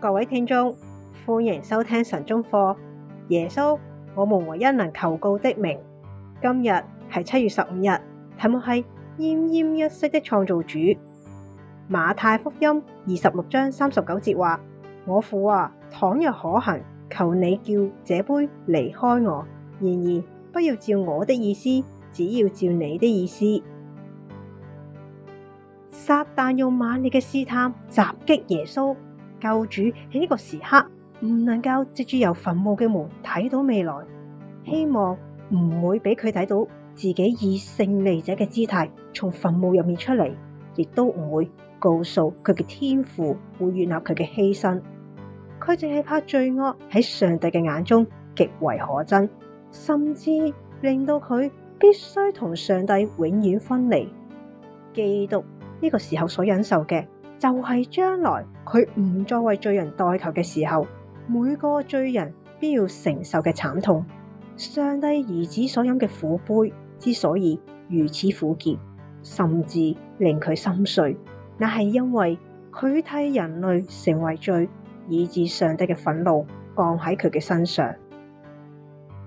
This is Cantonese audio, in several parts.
各位聽眾，歡迎收聽神中課。耶穌，我們唯一能求告的名。今日係七月十五日，題目係奄奄一息的創造主。馬太福音二十六章三十九節話：我父啊，倘若可行，求你叫這杯離開我。然而不要照我的意思，只要照你的意思。撒旦用猛烈嘅試探襲擊耶穌。救主喺呢個時刻唔能夠藉住，由墳墓嘅門睇到未來，希望唔會俾佢睇到自己以勝利者嘅姿態從墳墓入面出嚟，亦都唔會告訴佢嘅天父會悅納佢嘅犧牲。佢淨係怕罪惡喺上帝嘅眼中極為可憎，甚至令到佢必須同上帝永遠分離。基督呢個時候所忍受嘅，就係將來佢唔再為罪人代求嘅時候，每個罪人必要承受嘅慘痛。上帝兒子所飲嘅苦杯之所以如此苦澀，甚至令佢心碎，那係因為佢替人類成為罪，以至上帝嘅憤怒降喺佢嘅身上。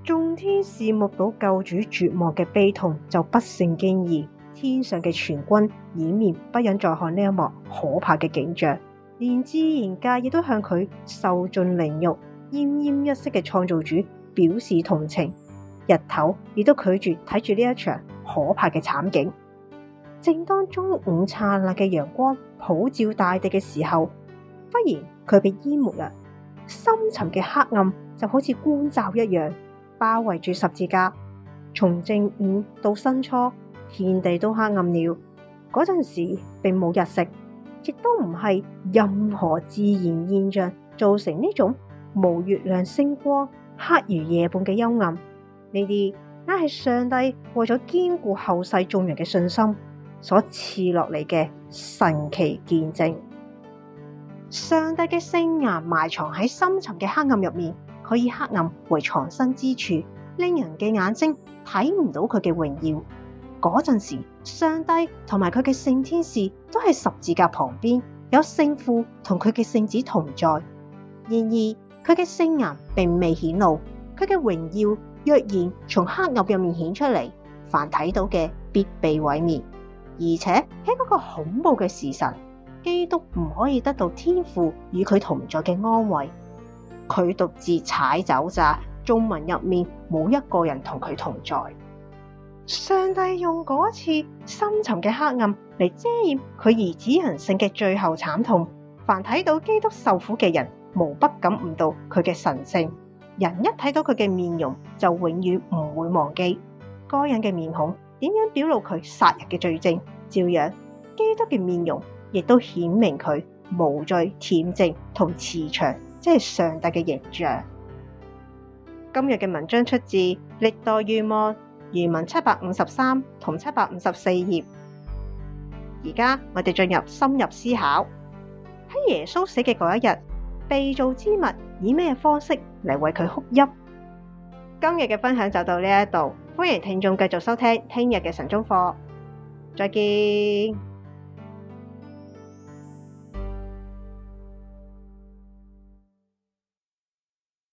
眾天使目睹救主絕望嘅悲痛，就不勝驚異。天上嘅全軍掩面不忍再看呢一幕可怕嘅景象，連自然界亦都向佢受盡凌辱，奄奄一息嘅創造主表示同情。日頭亦都拒絕睇住呢一場可怕嘅慘景。正當中午燦爛嘅陽光普照大地嘅時候，忽然佢被淹沒啦，深沉嘅黑暗就好似棺罩一樣包圍住十字架。從正午到申初。遍地都黑暗了，嗰陣時並冇日食，亦都唔係任何自然現象造成呢種無月亮星光、黑如夜半嘅幽暗。呢啲那係上帝為咗堅固後世眾人嘅信心所賜落嚟嘅神奇見證。上帝嘅聖言埋藏喺深層嘅黑暗入面，佢以黑暗為藏身之處，令人嘅眼睛睇唔到佢嘅榮耀。嗰陣時，上帝同埋佢嘅聖天使都係十字架旁邊，有聖父同佢嘅聖子同在。然而，佢嘅聖顏並未顯露，佢嘅榮耀若然從黑暗入面顯出嚟，凡睇到嘅必被毀滅。而且喺嗰個恐怖嘅時辰，基督唔可以得到天父與佢同在嘅安慰，佢獨自踩走咋，眾民入面冇一個人同佢同在。上帝用嗰次深沉嘅黑暗嚟遮掩佢兒子人性嘅最後慘痛。凡睇到基督受苦嘅人，無不感悟到佢嘅神聖。人一睇到佢嘅面容，就永遠唔會忘記。該人嘅面孔點樣表露佢殺人嘅罪證，照樣基督嘅面容亦都顯明佢無罪、恬靜同慈祥，即係上帝嘅形象。今日嘅文章出自《歷代願望》。原文七百五十三同七百五十四頁，而家我哋進入深入思考。喺耶穌死嘅嗰一日，被造之物以咩方式嚟為佢哭泣？今日嘅分享就到呢一度，歡迎聽眾繼續收聽聽日嘅神中課，再見。